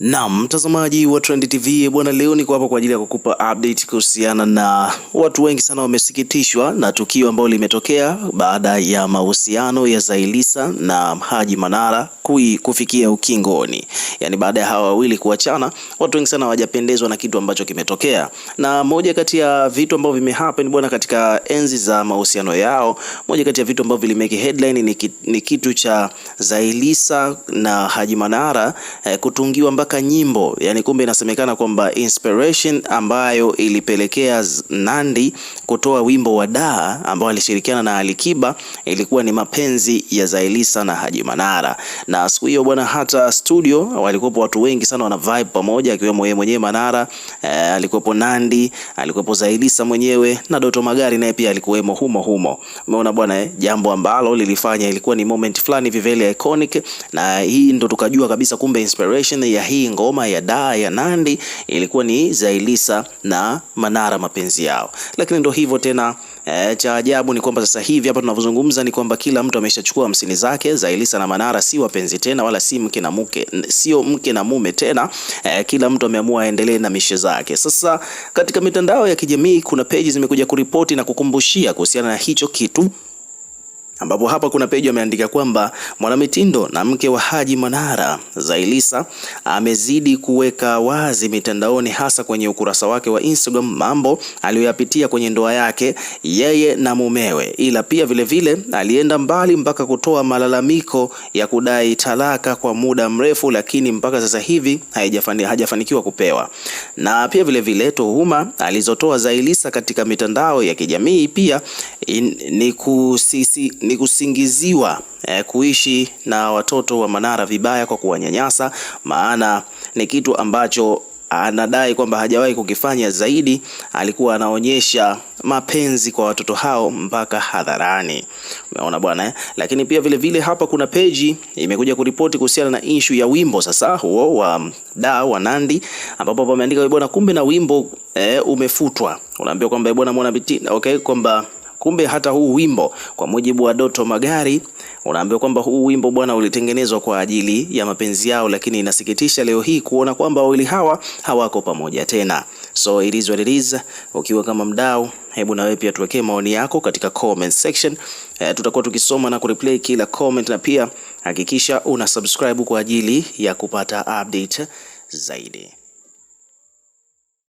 Na mtazamaji wa Trend TV bwana, leo niko hapa kwa ajili ya kukupa update kuhusiana na watu wengi sana wamesikitishwa na tukio ambalo limetokea baada ya mahusiano ya Zailisa na Haji Manara kui kufikia ukingoni. Yaani baada ya hawa wawili kuachana, watu wengi sana hawajapendezwa na kitu ambacho kimetokea. Na moja kati ya vitu ambavyo vimehappen bwana, katika enzi za mahusiano yao, moja kati ya vitu ambavyo vilimeke headline ni, ni kitu cha Zailisa na Haji Manara eh, kutungiwa mpaka mpaka nyimbo, yani kumbe inasemekana kwamba inspiration ambayo ilipelekea Nandi kutoa wimbo wa Daa ambao alishirikiana na Alikiba ilikuwa ni mapenzi ya Zailisa na Haji Manara. Na siku hiyo bwana, hata studio walikuwepo watu wengi sana wana vibe pamoja, akiwemo yeye mwenyewe Manara, eh, alikuwepo Nandi, alikuwepo Zailisa mwenyewe na Doto Magari naye pia alikuwemo humo humo. Umeona bwana eh, jambo ambalo lilifanya ilikuwa ni moment fulani vivele iconic, na hii ndo tukajua kabisa kumbe inspiration ya hii hii ngoma ya daa ya Nandi ilikuwa ni Zailisa na Manara mapenzi yao, lakini ndo hivyo tena. E, cha ajabu ni kwamba sasa hivi hapa tunavyozungumza ni kwamba kila mtu ameshachukua hamsini zake. Zailisa na Manara si wapenzi tena, wala si mke na mke, sio mke na mume tena. E, kila mtu ameamua aendelee na mishe zake. Sasa katika mitandao ya kijamii kuna peji zimekuja kuripoti na kukumbushia kuhusiana na hicho kitu ambapo hapa kuna peji ameandika kwamba mwanamitindo na mke wa Haji Manara Zailisa amezidi kuweka wazi mitandaoni, hasa kwenye ukurasa wake wa Instagram mambo aliyoyapitia kwenye ndoa yake yeye na mumewe, ila pia vilevile vile, alienda mbali mpaka kutoa malalamiko ya kudai talaka kwa muda mrefu, lakini mpaka sasa hivi hajafanikiwa hajafani kupewa. Na pia vilevile vile, tuhuma alizotoa Zailisa katika mitandao ya kijamii pia in, ni kusisi, ni ilikusingiziwa eh, kuishi na watoto wa Manara vibaya kwa kuwanyanyasa, maana ni kitu ambacho anadai kwamba hajawahi kukifanya. Zaidi alikuwa anaonyesha mapenzi kwa watoto hao mpaka hadharani, umeona bwana eh? Lakini pia vile vile hapa kuna peji imekuja kuripoti kuhusiana na ishu ya wimbo sasa huo wa mm, da wa Nandi, ambapo wameandika bwana, kumbe na wimbo eh, umefutwa. Unaambiwa kwamba bwana, mbona okay, kwamba Kumbe hata huu wimbo kwa mujibu wa Doto Magari unaambiwa kwamba huu wimbo bwana ulitengenezwa kwa ajili ya mapenzi yao, lakini inasikitisha leo hii kuona kwamba wawili hawa hawako pamoja tena. So it is what it is. Ukiwa kama mdau, hebu na wewe pia tuwekee maoni yako katika comment section. E, tutakuwa tukisoma na kureplay kila comment, na pia hakikisha una subscribe kwa ajili ya kupata update zaidi.